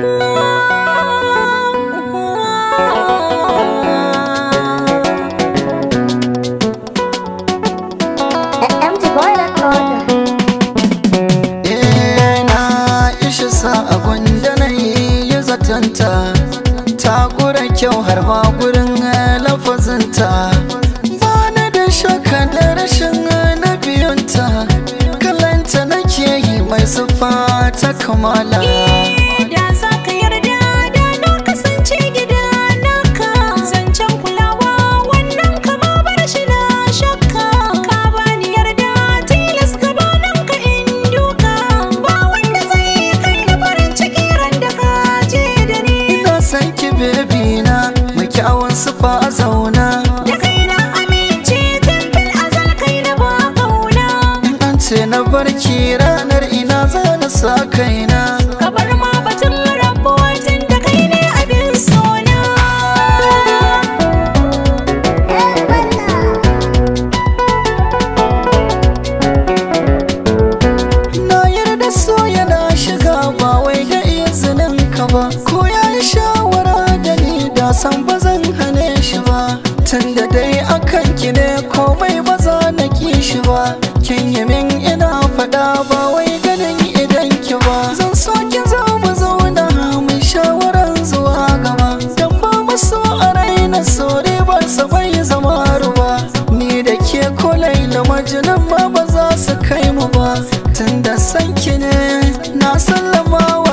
Eh, a na yi ta takura kyau har ma gurin lafazinta ba na da shakka da rashin na biyunta kalanta nake yi mai siffa ta kamala sa kaina amma ba za su kai mu ba tunda sanki ne na sallama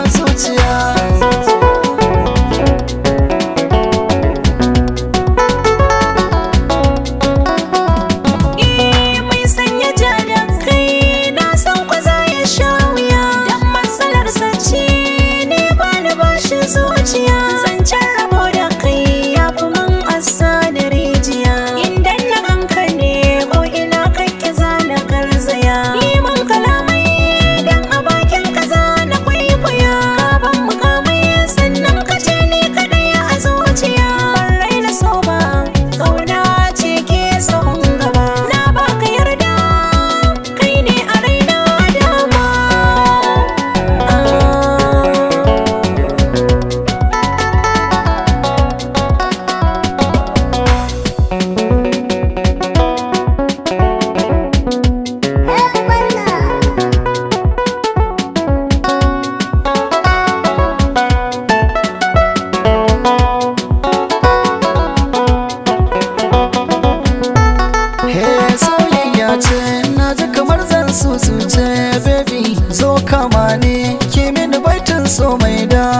ce na ji kamar zan su ce baby zo kama ne ke mini baitin so mai da